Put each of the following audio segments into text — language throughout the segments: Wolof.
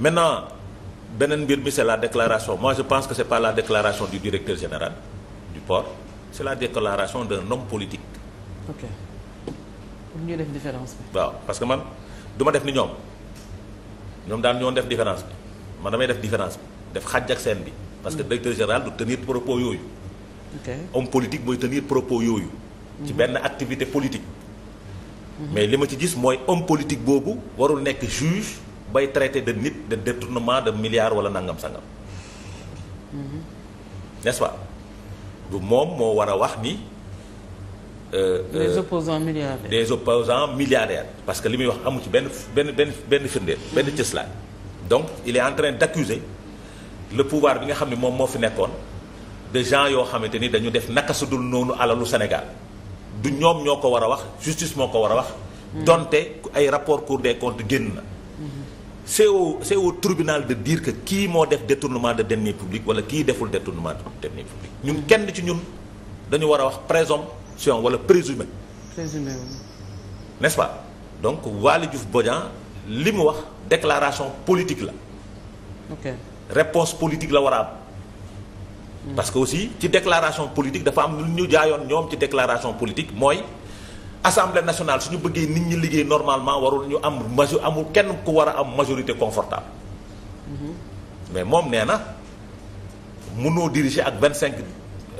maintenant beneen mbir mi c'est la déclaration moi je pense que c'est par la déclaration du directeur général du port c'est la déclaration de nom politique. ok pour ñu def différence bi. waaw parce que man du def ni ñoom ñoom daal ñoo def différence bi man damay def différence bi def xàjj ak seen bi. parce que mm. directeur général du tenir propos yooyu. ok politique mooy tenir propos yooyu. ci mm-hmm. benn activité politique. Mm-hmm. mais li ma ci gis mooy homme politique boobu warul nekk juge. bay traité de nit de détournement de milliards wala nangam sangam. Mhm. n'est-ce pas du moom moo war a wax ni. Euh, euh, des opposants milliardaires des opposants milliardaires. parce que li muy wax amu ci benn benn benn benn firndeel. benn mhm. cëslaay. donc il est en d'accuser le pouvoir bi nga xam ne moom moo fi nekkoon de gens yoo xamante ni dañu def naka su noonu alalu Sénégal du ñoom ñoo ko war a wax justice moo ko war a wax. Mhm. donte ay rapport Cour des comptes génn na. c'est au c'est tribunal de dire que kii moo def détournement de deniers publics wala kii deful détournement de deniers publics ñun kenn ci ñun dañu war a wax présomption wala présumé. présumé n'est-ce pas donc Waly Diouf Bodian li mu wax déclaration politique la. ok politique la war a am. Mm. parce que aussi ci déclaration politique dafa am lu ñu jaayoon ñoom ci déclaration politique mooy. assemblée nationale su ñu bëggee nit ñi liggéey normalement warul ñu am majo amul kenn ku war a am majorité confortable mhm. mais moom nee na mënoo diriger ak vingt cinq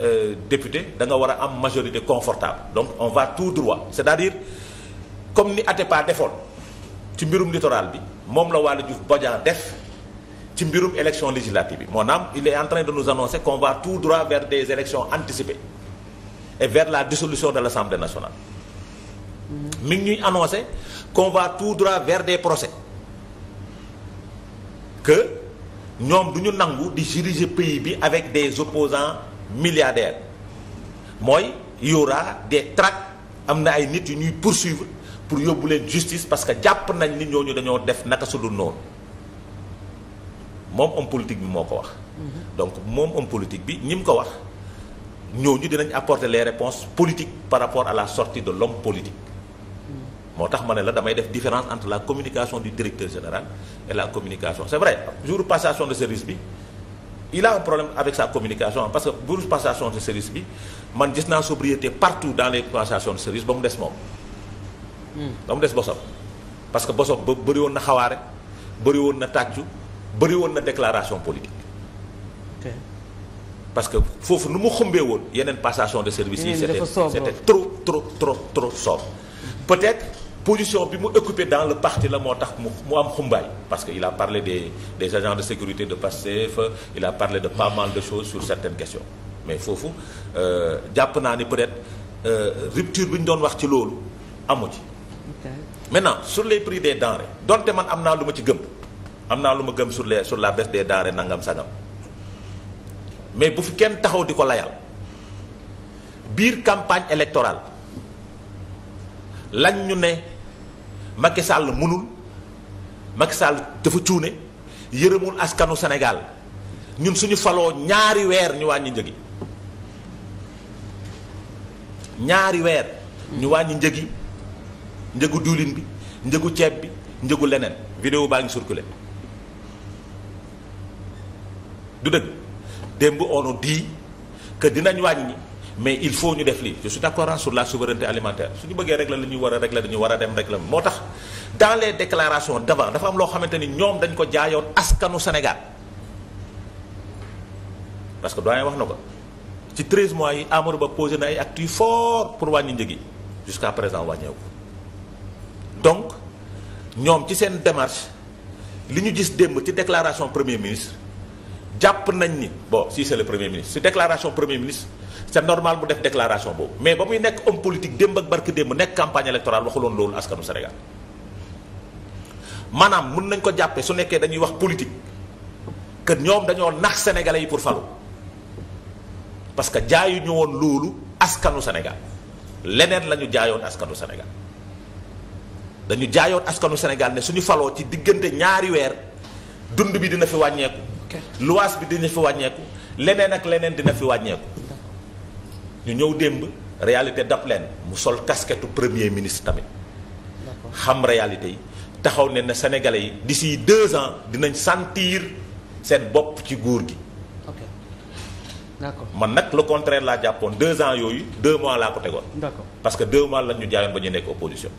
euh, députés da nga war a am majorité confortable donc on va tout droit c'est-à-dire comme ni Atepa defoon ci mbirum littoral bi moom la Waly Diouf Bodian def ci mbirum élection législative bi moo naam il est en train de nous annoncer qu'on va tout droit des élections anticipées et vers la dissolution de l'Assemblée nationale mi ngi ñuy annoncé qu'on va tout droit vers des procès que ñoom du ñu nangu di diriger pays bi avec des opposants milliardaires mooy y aura des traques am na ay nit yu ñuy poursuivre pour yóbbu leen justice parce que jàpp nañ ni ñooñu dañoo def naka su dul noonu moom homme politique bi moo ko wax. Mm-hmm. donc moom homme politique bi ñi mu ko wax ñooñu dinañ apporter les réponses politiques par rapport à la sortie de l'homme politique. moo tax ma ne la damay def différence entre la communication du directeur général et la communication c'est vrai jour passation de service bi il a problème avec sa communication parce que jour passation de service bi man gis naa sobriété partout dans les passation de service ba mu des moom. Hmm. ba mu des bosam. parce que bosam ba bëri woon na xawaare bëri woon na tàccu bëri woon na déclaration politique. parce que foofu nu mu xumbee woon yeneen passation de service yi. c'était c'était trop trop trop trop sobre peut position bi mu occupé dans le parti la moo tax mu mu am xumbaay parce que il a parlé des des de sécurité de Pastef il a parlé de pas mal de choses sur mais foofu euh, jàpp naa ni peut-être euh, rupture bi ñu doon wax ci loolu amu ci. maintenant sur les prix des denrées donte man am naa lu ma ci gëm am naa lu ma gëm sur les sur la baisse des denrées nangam sangam mais bu fi kenn taxaw di ko layal biir campagne électorale. lañ ñu ne Macky Sall mënul Macky Sall dafa cuune yërëmul askanu Sénégal ñun suñu faloo ñaari weer ñu wàññi njëgi ñaari weer ñu wàññi njëgi njëgu diwlin bi njëgu ceeb bi njëgu leneen vidéo baa ngi circulé du dëgg démb on dit que dinañ wàññi mais il faut ñu def lii je suis d'accord sur la souveraineté alimentaire su ñu bëggee régler la ñuy war a régler dañu war a dem régler moo tax dans les déclarations d'avant dafa am loo xamante ni ñoom dañ ko jaayoon askanu Sénégal parce que doyen wax na ko ci 13 yi Amadou Ba posé na ay actes yu pour wàññi njëg yi jusqu'à présent donc ñoom ci seen démarche li ñu gis démb ci déclaration premier ministre jàpp nañ ni bon si c'est le premier ministre si déclaration premier ministre c'est normal mu def déclaration boobu mais ba muy nekk om politique démb ak barke démb nekk campagne électorale waxuloon loolu askanu Sénégal maanaam mun nañ ko jàppee su nekkee dañuy wax politique que ñoom dañoo nax sénégalais yi pour falu parce que jaayuñu woon loolu askanu Sénégal leneen lañu jaayoon askanu Sénégal dañu jaayoon askanu Sénégal ne suñu faloo ci diggante ñaari weer dund bi dina fi wàññeeku. luwaas bi dina fi wàññeeku leneen ak leneen dina fi wàññeeku ñu ñëw démb réalité dab leen mu sol casquette premier ministre tamit xam réalité yi taxaw ne na sénégalais yi d'ici deux ans dinañ sentir seen bopp ci guur gi d'accord man nag le contraire laa jàppoon deux ans yooyu deux mois laa ko tegoon. d'accord parce que deux mois lañ ñu jaayoon ba ñu nekk opposition.